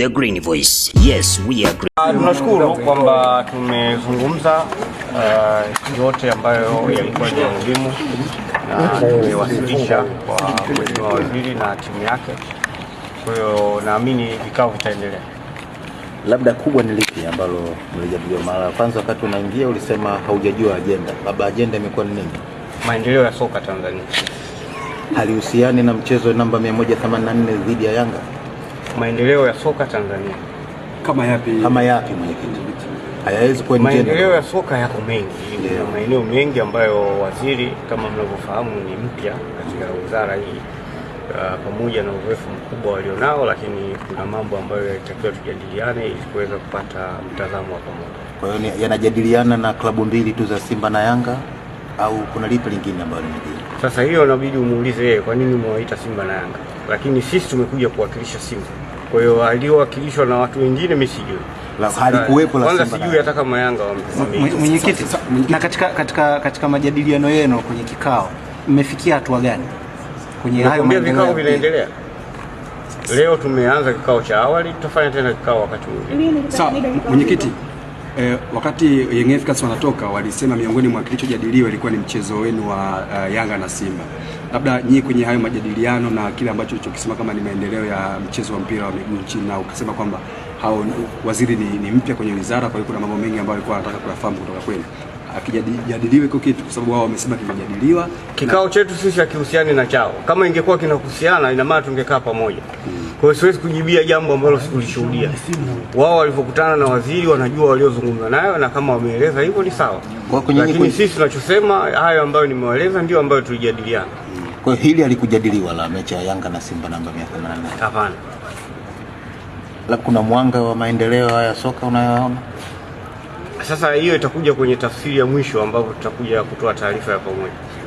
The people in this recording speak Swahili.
The Green Voice. Yes, we agree. Ah, tunashukuru kwamba tumezungumza uh, yote uh, ambayo yalikuwa ni muhimu na tumewasilisha kwa mheshimiwa waziri na timu yake. Kwa hiyo naamini vikao vitaendelea. Labda kubwa ni lipi ambalo mlijadiliwa mara ya kwanza? Wakati unaingia ulisema haujajua ajenda, labda ajenda imekuwa ni nini? Maendeleo ya soka Tanzania halihusiani na mchezo namba 184 dhidi ya Yanga maendeleo ya soka Tanzania kama yapi? Kama yapi mwenyekiti? Hayawezi kuwa maendeleo ya soka yako mengi yeah. na maeneo mengi ambayo waziri kama mnavyofahamu ni mpya katika wizara hii uh, pamoja na uzoefu mkubwa walionao, lakini kuna mambo ambayo yatakiwa tujadiliane ili kuweza kupata mtazamo wa pamoja. Kwa hiyo yanajadiliana na klabu mbili tu za Simba na Yanga au kuna lipi lingine ambalo linajadiliwa? Sasa hiyo inabidi umuulize yeye, kwa nini umewaita Simba na Yanga, lakini sisi tumekuja kuwakilisha Simba kwa hiyo aliyowakilishwa na watu wengine mimi sijui halikuwepo la kwanza, sijui hata kama Yanga Mwenyekiti, na katika, katika, katika majadiliano yenu kwenye kikao mmefikia hatua gani kwenye hayo maendeleo? Vikao vinaendelea leo, tumeanza kikao cha awali, tutafanya tena kikao wakati mwingine. Sawa mwenyekiti. E, wakati Young Africans wanatoka walisema miongoni mwa kilichojadiliwa ilikuwa ni mchezo wenu wa uh, Yanga na Simba. Labda nyinyi kwenye hayo majadiliano na kile ambacho ulichokisema kama ni maendeleo ya mchezo wa mpira wa miguu nchini, na ukasema kwamba hao waziri ni, ni mpya kwenye wizara, kwa hiyo kuna mambo mengi ambayo alikuwa anataka kuyafahamu kutoka kwenu akijadiliwe iko kitu kwa sababu wao wamesema kimejadiliwa. Kikao chetu sisi hakihusiani na chao. Kama ingekuwa kinahusiana, ina maana tungekaa pamoja. hmm. Kwa hiyo siwezi kujibia jambo ambalo sikulishuhudia. Wao walivyokutana na waziri wanajua waliozungumza nayo, na kama wameeleza hivyo ni sawa, lakini sisi tunachosema hayo ambayo nimewaeleza ndio ambayo tulijadiliana. Kwa hiyo hili alikujadiliwa la mechi ya Yanga na Simba namba 188? Hapana. La, kuna mwanga wa maendeleo haya soka unayoona sasa? Hiyo itakuja kwenye tafsiri ya mwisho ambapo tutakuja kutoa taarifa ya pamoja.